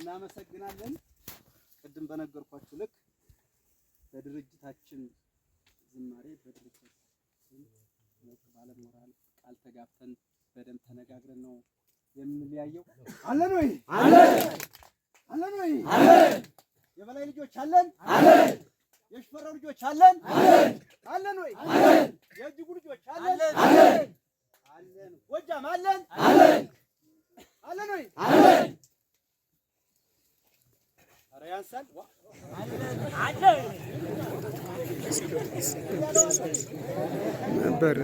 እናመሰግናለን። ቅድም በነገርኳችሁ ልክ በድርጅታችን ዝማሬ በድርጅታችን ባለሞራል ቃል ተጋብተን በደንብ ተነጋግረን ነው የምንለያየው። አለን ወይ አለን፣ አለን ወይ አለን፣ የበላይ ልጆች አለን አለን፣ የሽፈራው ልጆች አለን አለን፣ አለን ወይ አለን፣ የእጅጉ ልጆች አለን አለን፣ አለን ጎጃም አለን አለን ያንሳል ነበር።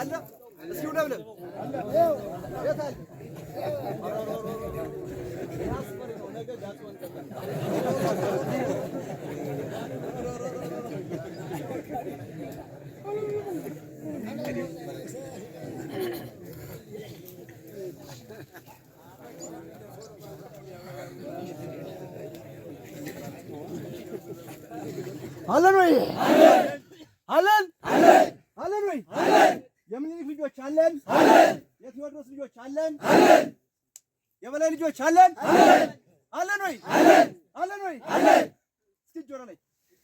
አለ እስኪ ለምለም አለን ወይ? አለን አለን ወይ? የምኒልክ ልጆች አለን አለን። የቴዎድሮስ ልጆች አለን አለን። የበላይ ልጆች አለን አለን። አለን ወይ? አለን ወይ? አለን። እስኪ እጅ ወደ ላይ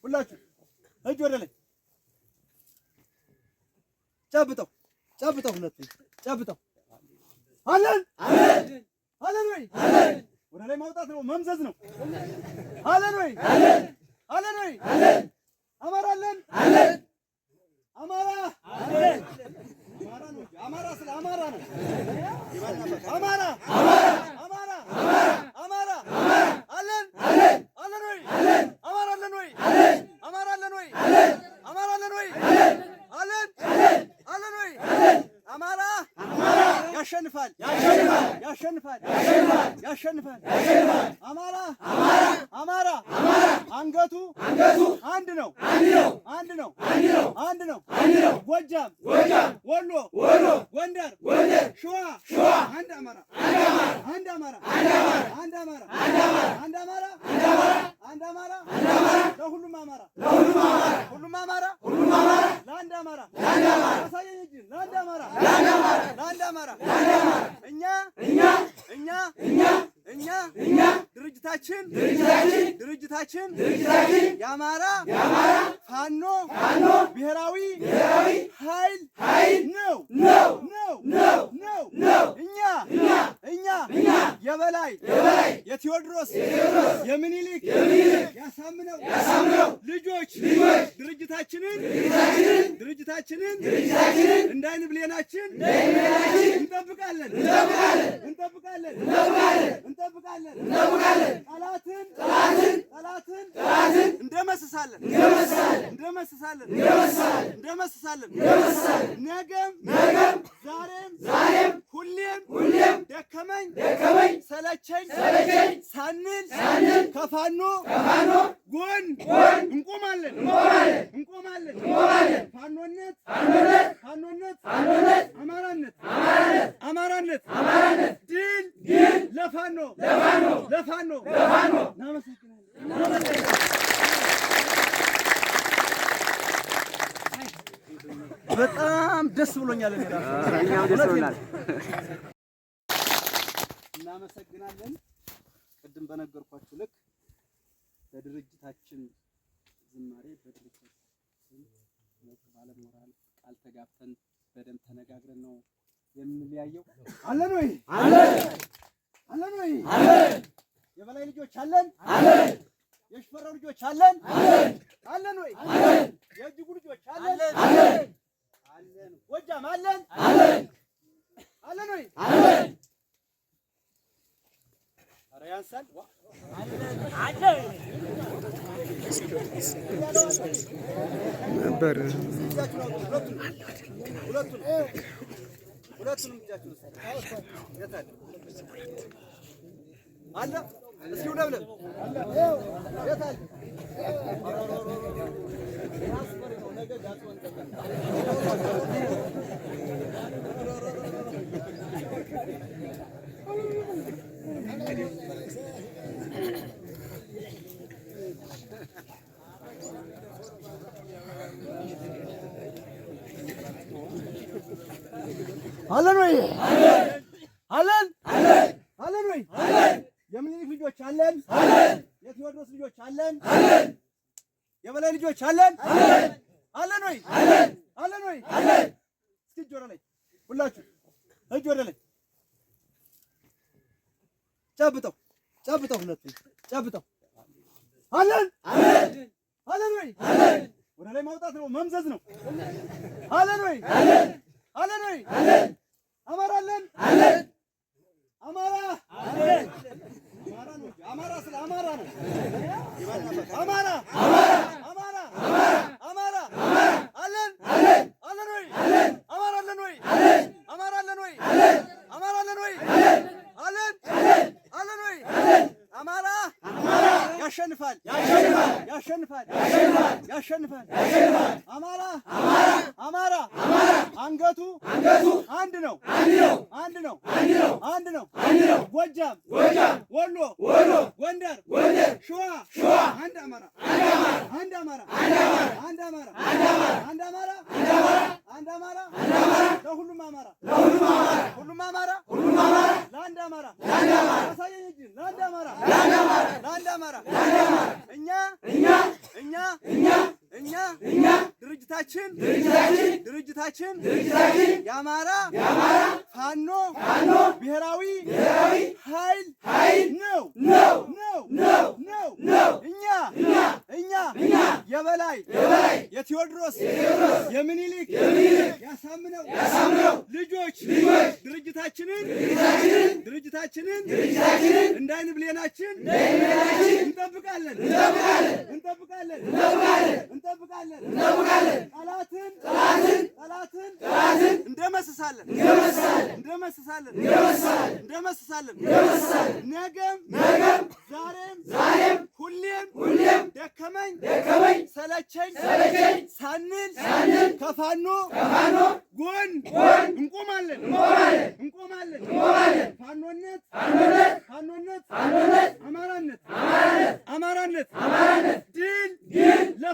ሁላችሁ እጅ ወደ ላይ ጨብጠው ጨብጠው ሁለቱ ጨብጠው አለን አለን አለን ወይ? አለን ወደ ላይ ማውጣት ነው መምዘዝ ነው። አለን ወይ? አለን አለን ወይ? አለን። አማራ አለን? አለን። አማራ አለን። አማራ ስለ አማራ ነው። አማራ አማራ አማራ አንድ ነው አንድ ነው አንድ ነው። ጎጃም ወሎ ጎንደር ሸዋ አንድ አማራ አንድ አማራ አንድ አማራ አንድ አማራ አንድ አማራ ለሁሉም አማራ ሁሉም አማራ ለአንድ አማራ አሳየኝ እንጂ ለአንድ አማራ ለአንድ አማራ እኛ እኛ እኛ እኛ እኛ ድርጅታችን ድርጅታችን ድርጅታችን ድርጅታችን የአማራ የአማራ ፋኖ ፋኖ ብሔራዊ ብሔራዊ ኃይል ኃይል ነው ነው ነው ነው ነው ነው እኛ እኛ እኛ እኛ የበላይ የበላይ የቴዎድሮስ የቴዎድሮስ የሚኒሊክ የሚኒሊክ ያሳምነው ያሳምነው ልጆች ልጆች ድርጅታችንን ድርጅታችንን ድርጅታችንን ድርጅታችንን እንዳይን ብሌናችን እንዳይን ብሌናችን እንጠብቃለን እንጠብቃለን እንጠብቃለን እንጠብቃለን እናውቃለን እናውቃለን ጠላትን ጠላትን ጠላትን ጠላትን እንደመስሳለን እንደመስሳለን እንደመስሳለን እንደመስሳለን እንደመስሳለን እንደመስሳለን ነገም ነገም ዛሬም ዛሬም ሁሌም ሁሌም ደከመኝ ደከመኝ ሰለቸኝ ሰለቸኝ ሳንል ሳንል ከፋኖ ከፋኖ ጎን ጎን እንቆማለን እንቆማለን እንቆማለን እንቆማለን ፋኖነት ፋኖነት ፋኖነት ፋኖነት አማራነት አማራነት አማራነት አማራነት ለፋኖ ለፋኖ ለፋኖ ለፋኖ በጣም ደስ ብሎኛል። እናመሰግናለን። ቅድም በነገርኳችሁ ልክ በድርጅታችን ዝማሬ በድርጅታችን ባለሞራል ቃል ተጋብተን በደንብ ተነጋግረን ነው የምንለያየው። አለን ወይ? አለን። አለን ወይ? አለን። የበላይ ልጆች አለን? አለን። የሽፈራው ልጆች አለን? አለን። አለን ወይ? አለን። የእጅጉ ልጆች አለን? አለን። አለን። ጎጃም አለን? አለን። አለን ወይ? አለን። ኧረ ያንሳል። ነበር ሁለቱንም ይዛችሁ አለ እስኪ ውለብለብ የታለ አለን ወይ? አለን አለን ወይ? የምኒልክ ልጆች አለን አለን። የቴዎድሮስ ልጆች አለን አለን። የበላይ ልጆች አለን አለን። አለን ወይ? አለን አለን ወይ? አለን። እስኪ እጅ ወደ ላይ ሁላችሁ፣ እጅ ወደ ላይ ጨብጠው ጨብጠው፣ ሁለቱ ጨብጠው። አለን አለን አለን ወይ? አለን። ወደ ላይ ማውጣት ነው መምዘዝ ነው። አለን ወይ? አለን አለን ወይ? አለን። አማራ አለን? አለን። አማራ አለን። አማራ ስለ አማራ ነው። አማራ አማራ አማራ አማራ አማራ አንገቱ አንገቱ አንድ ነው አንድ ነው አንድ ነው ጎጃም ጎጃም ወሎ ወሎ ጎንደር ጎንደር ሸዋ ሸዋ አንድ አማራ አንድ አማራ አንድ አማራ አንድ አማራ አንድ አማራ ለሁሉም አማራ ሁሉም አማራ ለአንድ አማራ ለአንድ አማራ ለአንድ አማራ ድርጅታችን ድርጅታችን ድርጅታችን የአማራ ፋኖ ብሔራዊ ኃይል ነው ነው ነው ነው ነው። እኛ እኛ የበላይ የቴዎድሮስ የሚኒሊክ ያሳምነው ልጆች ድርጅታችንን ድርጅታችንን እንዳይን ብሌናችን እንጠብቃለን እንጠብቃለን እንጠብቃለን እንደመስሳለን እንደመስሳለን ነገም ነገም ዛሬም ዛሬም ሁሌም ሁሌም ደከመኝ ደከመኝ ሰለቸኝ ሰለቸኝ ሳንል ሳንል ከፋኖ ከፋኖ ጎን ጎን እንቆማለን እንቆማለን እንቆማለን እንቆማለን ፋኖነት ፋኖነት ፋኖነት አማራነት አማራነት አማራነት አማራነት ድል